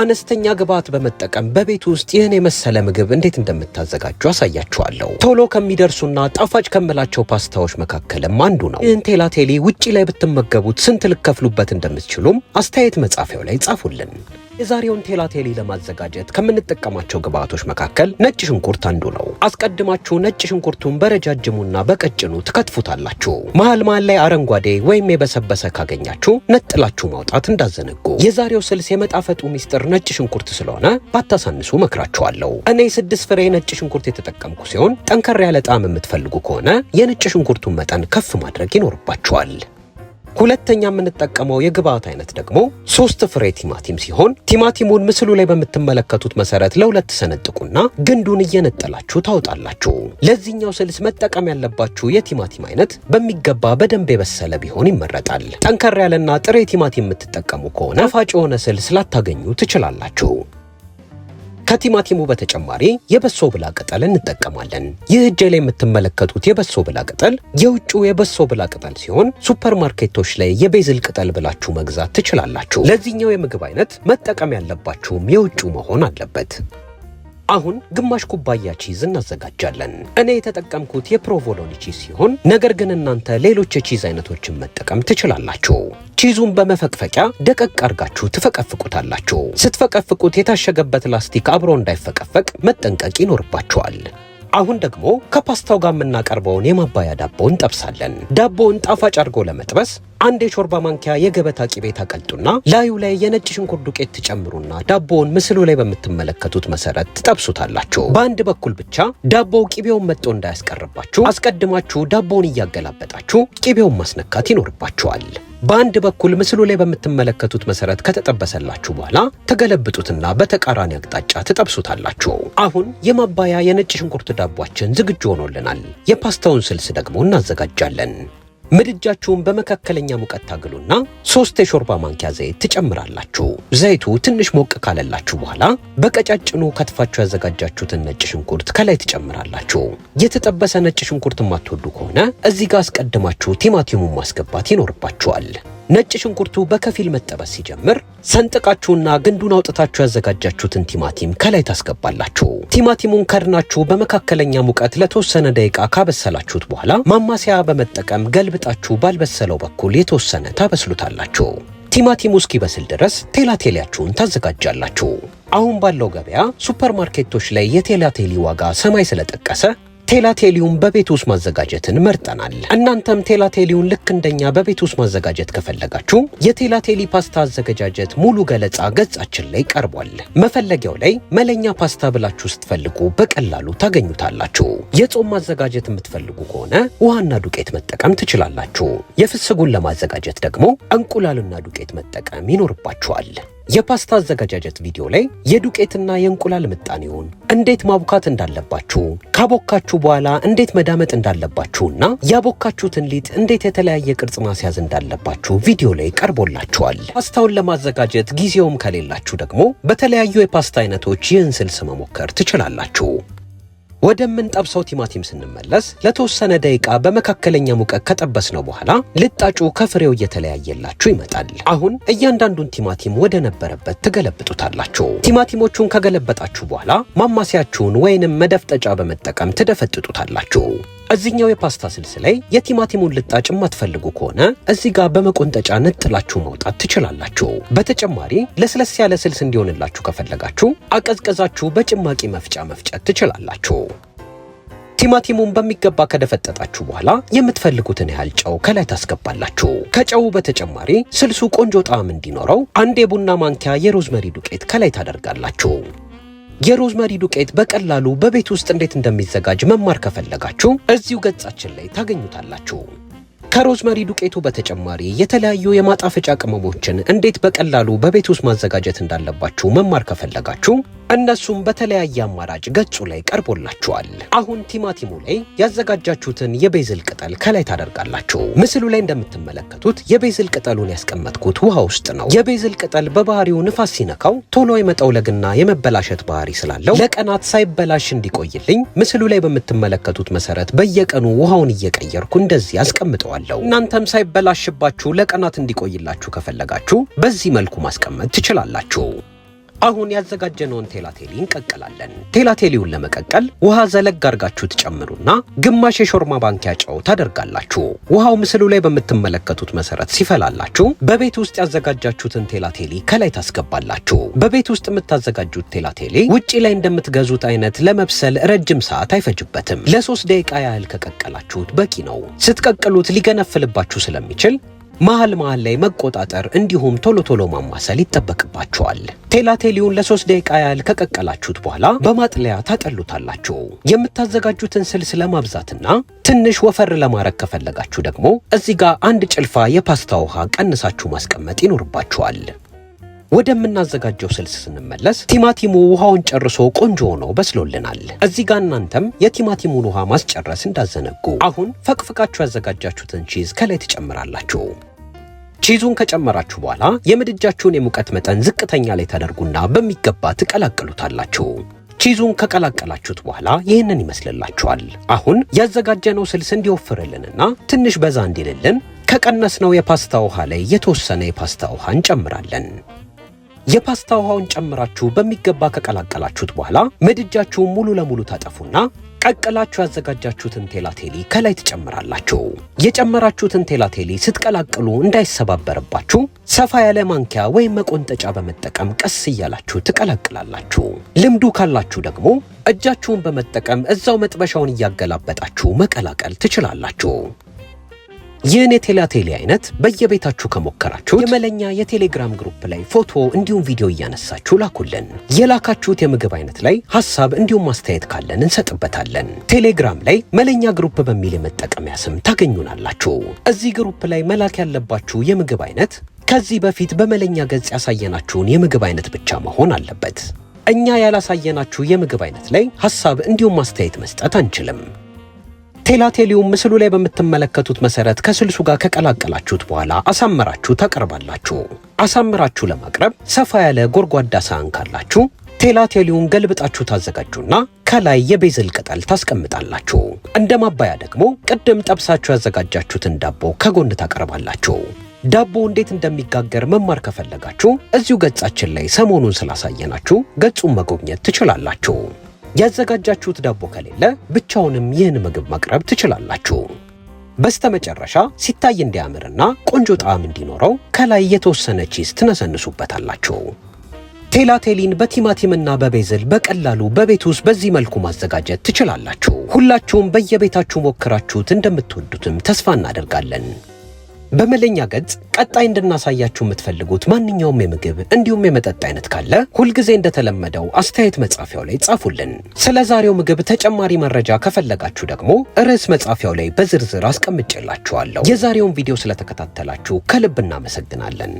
አነስተኛ ግብዓት በመጠቀም በቤት ውስጥ ይህን የመሰለ ምግብ እንዴት እንደምታዘጋጁ አሳያችኋለሁ። ቶሎ ከሚደርሱና ጣፋጭ ከምላቸው ፓስታዎች መካከልም አንዱ ነው። ይህን ቴላቴሊ ውጪ ላይ ብትመገቡት ስንት ልከፍሉበት እንደምትችሉም አስተያየት መጻፊያው ላይ ጻፉልን። የዛሬውን ቴላቴሊ ለማዘጋጀት ከምንጠቀማቸው ግብአቶች መካከል ነጭ ሽንኩርት አንዱ ነው። አስቀድማችሁ ነጭ ሽንኩርቱን በረጃጅሙና በቀጭኑ ትከትፉታላችሁ። መሀል መሀል ላይ አረንጓዴ ወይም የበሰበሰ ካገኛችሁ ነጥላችሁ ማውጣት እንዳዘነጉ። የዛሬው ስልስ የመጣፈጡ ሚስጥር ነጭ ሽንኩርት ስለሆነ ባታሳንሱ መክራችኋለሁ። እኔ ስድስት ፍሬ ነጭ ሽንኩርት የተጠቀምኩ ሲሆን ጠንከር ያለ ጣዕም የምትፈልጉ ከሆነ የነጭ ሽንኩርቱን መጠን ከፍ ማድረግ ይኖርባችኋል። ሁለተኛ የምንጠቀመው የግብአት አይነት ደግሞ ሶስት ፍሬ ቲማቲም ሲሆን ቲማቲሙን ምስሉ ላይ በምትመለከቱት መሰረት ለሁለት ሰነጥቁና ግንዱን እየነጠላችሁ ታወጣላችሁ። ለዚህኛው ስልስ መጠቀም ያለባችሁ የቲማቲም አይነት በሚገባ በደንብ የበሰለ ቢሆን ይመረጣል። ጠንከር ያለና ጥሬ ቲማቲም የምትጠቀሙ ከሆነ ጣፋጭ የሆነ ስልስ ላታገኙ ትችላላችሁ። ከቲማቲሙ በተጨማሪ የበሶ ብላ ቅጠል እንጠቀማለን። ይህ እጄ ላይ የምትመለከቱት የበሶ ብላ ቅጠል የውጭው የበሶ ብላ ቅጠል ሲሆን ሱፐርማርኬቶች ላይ የቤዝል ቅጠል ብላችሁ መግዛት ትችላላችሁ። ለዚህኛው የምግብ አይነት መጠቀም ያለባችሁም የውጭው መሆን አለበት። አሁን ግማሽ ኩባያ ቺዝ እናዘጋጃለን። እኔ የተጠቀምኩት የፕሮቮሎኒ ቺዝ ሲሆን ነገር ግን እናንተ ሌሎች የቺዝ አይነቶችን መጠቀም ትችላላችሁ። ቺዙን በመፈቅፈቂያ ደቀቅ አርጋችሁ ትፈቀፍቁታላችሁ። ስትፈቀፍቁት የታሸገበት ላስቲክ አብሮ እንዳይፈቀፈቅ መጠንቀቅ ይኖርባችኋል። አሁን ደግሞ ከፓስታው ጋር የምናቀርበውን የማባያ ዳቦ እንጠብሳለን። ዳቦውን ጣፋጭ አድርጎ ለመጥበስ አንድ የሾርባ ማንኪያ የገበታ ቂቤ ታቀልጡና ላዩ ላይ የነጭ ሽንኩርት ዱቄት ትጨምሩና ዳቦውን ምስሉ ላይ በምትመለከቱት መሰረት ትጠብሱታላችሁ። በአንድ በኩል ብቻ ዳቦው ቂቤውን መጥጦ እንዳያስቀርባችሁ አስቀድማችሁ ዳቦውን እያገላበጣችሁ ቂቤውን ማስነካት ይኖርባችኋል። በአንድ በኩል ምስሉ ላይ በምትመለከቱት መሰረት ከተጠበሰላችሁ በኋላ ተገለብጡትና በተቃራኒ አቅጣጫ ትጠብሱታላችሁ። አሁን የማባያ የነጭ ሽንኩርት ዳቧችን ዝግጁ ሆኖልናል። የፓስታውን ስልስ ደግሞ እናዘጋጃለን። ምድጃችሁን በመካከለኛ ሙቀት ታግሉና ሶስት የሾርባ ማንኪያ ዘይት ትጨምራላችሁ። ዘይቱ ትንሽ ሞቅ ካለላችሁ በኋላ በቀጫጭኑ ከትፋችሁ ያዘጋጃችሁትን ነጭ ሽንኩርት ከላይ ትጨምራላችሁ። የተጠበሰ ነጭ ሽንኩርት የማትወዱ ከሆነ እዚህ ጋር አስቀድማችሁ ቲማቲሙን ማስገባት ይኖርባችኋል። ነጭ ሽንኩርቱ በከፊል መጠበስ ሲጀምር ሰንጥቃችሁና ግንዱን አውጥታችሁ ያዘጋጃችሁትን ቲማቲም ከላይ ታስገባላችሁ። ቲማቲሙን ከድናችሁ በመካከለኛ ሙቀት ለተወሰነ ደቂቃ ካበሰላችሁት በኋላ ማማሰያ በመጠቀም ገልብጣችሁ ባልበሰለው በኩል የተወሰነ ታበስሉታላችሁ። ቲማቲሙ እስኪበስል ድረስ ቴላቴሊያችሁን ታዘጋጃላችሁ። አሁን ባለው ገበያ ሱፐርማርኬቶች ላይ የቴላቴሊ ዋጋ ሰማይ ስለጠቀሰ ቴላቴሊውን በቤት ውስጥ ማዘጋጀትን መርጠናል። እናንተም ቴላቴሊውን ልክ እንደኛ በቤት ውስጥ ማዘጋጀት ከፈለጋችሁ የቴላቴሊ ፓስታ አዘገጃጀት ሙሉ ገለጻ ገጻችን ላይ ቀርቧል። መፈለጊያው ላይ መለኛ ፓስታ ብላችሁ ስትፈልጉ በቀላሉ ታገኙታላችሁ። የጾም ማዘጋጀት የምትፈልጉ ከሆነ ውሃና ዱቄት መጠቀም ትችላላችሁ። የፍስጉን ለማዘጋጀት ደግሞ እንቁላልና ዱቄት መጠቀም ይኖርባችኋል። የፓስታ አዘገጃጀት ቪዲዮ ላይ የዱቄትና የእንቁላል ምጣኔውን እንዴት ማቡካት እንዳለባችሁ ካቦካችሁ በኋላ እንዴት መዳመጥ እንዳለባችሁና ያቦካችሁትን ሊጥ እንዴት የተለያየ ቅርጽ ማስያዝ እንዳለባችሁ ቪዲዮ ላይ ቀርቦላችኋል። ፓስታውን ለማዘጋጀት ጊዜውም ከሌላችሁ ደግሞ በተለያዩ የፓስታ አይነቶች ይህን ስልስ መሞከር ትችላላችሁ። ወደምንጠብሰው ቲማቲም ስንመለስ ለተወሰነ ደቂቃ በመካከለኛ ሙቀት ከጠበስነው በኋላ ልጣጩ ከፍሬው እየተለያየላችሁ ይመጣል። አሁን እያንዳንዱን ቲማቲም ወደ ነበረበት ትገለብጡታላችሁ። ቲማቲሞቹን ከገለበጣችሁ በኋላ ማማሲያችሁን ወይንም መደፍጠጫ በመጠቀም ትደፈጥጡታላችሁ። እዚኛው የፓስታ ስልስ ላይ የቲማቲሙን ልጣጭ የማትፈልጉ ከሆነ እዚህ ጋር በመቆንጠጫ ነጥላችሁ መውጣት ትችላላችሁ። በተጨማሪ ለስለስ ያለ ስልስ እንዲሆንላችሁ ከፈለጋችሁ አቀዝቀዛችሁ በጭማቂ መፍጫ መፍጨት ትችላላችሁ። ቲማቲሙን በሚገባ ከደፈጠጣችሁ በኋላ የምትፈልጉትን ያህል ጨው ከላይ ታስገባላችሁ። ከጨው በተጨማሪ ስልሱ ቆንጆ ጣዕም እንዲኖረው አንድ የቡና ማንኪያ የሮዝመሪ ዱቄት ከላይ ታደርጋላችሁ። የሮዝመሪ ዱቄት በቀላሉ በቤት ውስጥ እንዴት እንደሚዘጋጅ መማር ከፈለጋችሁ እዚሁ ገጻችን ላይ ታገኙታላችሁ። ከሮዝመሪ ዱቄቱ በተጨማሪ የተለያዩ የማጣፈጫ ቅመሞችን እንዴት በቀላሉ በቤት ውስጥ ማዘጋጀት እንዳለባችሁ መማር ከፈለጋችሁ እነሱም በተለያየ አማራጭ ገጹ ላይ ቀርቦላችኋል። አሁን ቲማቲሙ ላይ ያዘጋጃችሁትን የቤዝል ቅጠል ከላይ ታደርጋላችሁ። ምስሉ ላይ እንደምትመለከቱት የቤዝል ቅጠሉን ያስቀመጥኩት ውሃ ውስጥ ነው። የቤዝል ቅጠል በባህሪው ንፋስ ሲነካው ቶሎ የመጠውለግና የመበላሸት ባህሪ ስላለው ለቀናት ሳይበላሽ እንዲቆይልኝ ምስሉ ላይ በምትመለከቱት መሰረት በየቀኑ ውሃውን እየቀየርኩ እንደዚህ አስቀምጠዋለሁ። እናንተም ሳይበላሽባችሁ ለቀናት እንዲቆይላችሁ ከፈለጋችሁ በዚህ መልኩ ማስቀመጥ ትችላላችሁ። አሁን ያዘጋጀነውን ቴላቴሊ እንቀቅላለን። ቴላቴሊውን ለመቀቀል ውሃ ዘለግ አድርጋችሁ ትጨምሩና ግማሽ የሾርማ ማንኪያ ጨው ታደርጋላችሁ። ውሃው ምስሉ ላይ በምትመለከቱት መሰረት ሲፈላላችሁ በቤት ውስጥ ያዘጋጃችሁትን ቴላቴሊ ከላይ ታስገባላችሁ። በቤት ውስጥ የምታዘጋጁት ቴላቴሊ ውጪ ላይ እንደምትገዙት አይነት ለመብሰል ረጅም ሰዓት አይፈጅበትም። ለሶስት ደቂቃ ያህል ከቀቀላችሁት በቂ ነው። ስትቀቅሉት ሊገነፍልባችሁ ስለሚችል መሀል መሀል ላይ መቆጣጠር እንዲሁም ቶሎ ቶሎ ማማሰል ይጠበቅባቸዋል። ቴላቴሊውን ለሶስት ደቂቃ ያህል ከቀቀላችሁት በኋላ በማጥለያ ታጠሉታላችሁ። የምታዘጋጁትን ስልስ ለማብዛትና ትንሽ ወፈር ለማድረግ ከፈለጋችሁ ደግሞ እዚህ ጋር አንድ ጭልፋ የፓስታ ውሃ ቀንሳችሁ ማስቀመጥ ይኖርባችኋል። ወደምናዘጋጀው ስልስ ስንመለስ ቲማቲሙ ውሃውን ጨርሶ ቆንጆ ሆኖ በስሎልናል። እዚህ ጋር እናንተም የቲማቲሙን ውሃ ማስጨረስ እንዳዘነጉ። አሁን ፈቅፍቃችሁ ያዘጋጃችሁትን ቺዝ ከላይ ትጨምራላችሁ። ቺዙን ከጨመራችሁ በኋላ የምድጃችሁን የሙቀት መጠን ዝቅተኛ ላይ ታደርጉና በሚገባ ትቀላቅሉታላችሁ። ቺዙን ከቀላቀላችሁት በኋላ ይህንን ይመስልላችኋል። አሁን ያዘጋጀነው ስልስ እንዲወፍርልንና ትንሽ በዛ እንዲልልን ከቀነስነው የፓስታ ውሃ ላይ የተወሰነ የፓስታ ውሃ እንጨምራለን። የፓስታ ውሃውን ጨምራችሁ በሚገባ ከቀላቀላችሁት በኋላ ምድጃችሁን ሙሉ ለሙሉ ታጠፉና ቀቅላችሁ ያዘጋጃችሁትን ቴላቴሊ ከላይ ትጨምራላችሁ። የጨመራችሁትን ቴላቴሊ ስትቀላቅሉ እንዳይሰባበርባችሁ ሰፋ ያለ ማንኪያ ወይም መቆንጠጫ በመጠቀም ቀስ እያላችሁ ትቀላቅላላችሁ። ልምዱ ካላችሁ ደግሞ እጃችሁን በመጠቀም እዛው መጥበሻውን እያገላበጣችሁ መቀላቀል ትችላላችሁ። ይህን የቴላቴሌ አይነት በየቤታችሁ ከሞከራችሁ የመለኛ የቴሌግራም ግሩፕ ላይ ፎቶ እንዲሁም ቪዲዮ እያነሳችሁ ላኩልን። የላካችሁት የምግብ አይነት ላይ ሀሳብ እንዲሁም ማስተያየት ካለን እንሰጥበታለን። ቴሌግራም ላይ መለኛ ግሩፕ በሚል የመጠቀሚያ ስም ታገኙናላችሁ። እዚህ ግሩፕ ላይ መላክ ያለባችሁ የምግብ አይነት ከዚህ በፊት በመለኛ ገጽ ያሳየናችሁን የምግብ አይነት ብቻ መሆን አለበት። እኛ ያላሳየናችሁ የምግብ አይነት ላይ ሀሳብ እንዲሁም ማስተያየት መስጠት አንችልም። ቴላቴሊውም ምስሉ ላይ በምትመለከቱት መሰረት ከስልሱ ጋር ከቀላቀላችሁት በኋላ አሳምራችሁ ታቀርባላችሁ። አሳምራችሁ ለማቅረብ ሰፋ ያለ ጎድጓዳ ሳህን ካላችሁ ቴላቴሊውን ገልብጣችሁ ታዘጋጁና ከላይ የቤዝል ቅጠል ታስቀምጣላችሁ። እንደ ማባያ ደግሞ ቅድም ጠብሳችሁ ያዘጋጃችሁትን ዳቦ ከጎን ታቀርባላችሁ። ዳቦ እንዴት እንደሚጋገር መማር ከፈለጋችሁ እዚሁ ገጻችን ላይ ሰሞኑን ስላሳየናችሁ ገጹን መጎብኘት ትችላላችሁ። ያዘጋጃችሁት ዳቦ ከሌለ ብቻውንም ይህን ምግብ ማቅረብ ትችላላችሁ። በስተመጨረሻ ሲታይ እንዲያምርና ቆንጆ ጣዕም እንዲኖረው ከላይ የተወሰነ ቺዝ ትነሰንሱበታላችሁ። ቴላቴሊን በቲማቲምና በቤዝል በቀላሉ በቤት ውስጥ በዚህ መልኩ ማዘጋጀት ትችላላችሁ። ሁላችሁም በየቤታችሁ ሞክራችሁት እንደምትወዱትም ተስፋ እናደርጋለን። በመለኛ ገጽ ቀጣይ እንድናሳያችሁ የምትፈልጉት ማንኛውም የምግብ እንዲሁም የመጠጥ አይነት ካለ ሁልጊዜ እንደተለመደው አስተያየት መጻፊያው ላይ ጻፉልን። ስለ ዛሬው ምግብ ተጨማሪ መረጃ ከፈለጋችሁ ደግሞ ርዕስ መጻፊያው ላይ በዝርዝር አስቀምጬላችኋለሁ። የዛሬውን ቪዲዮ ስለተከታተላችሁ ከልብ እናመሰግናለን።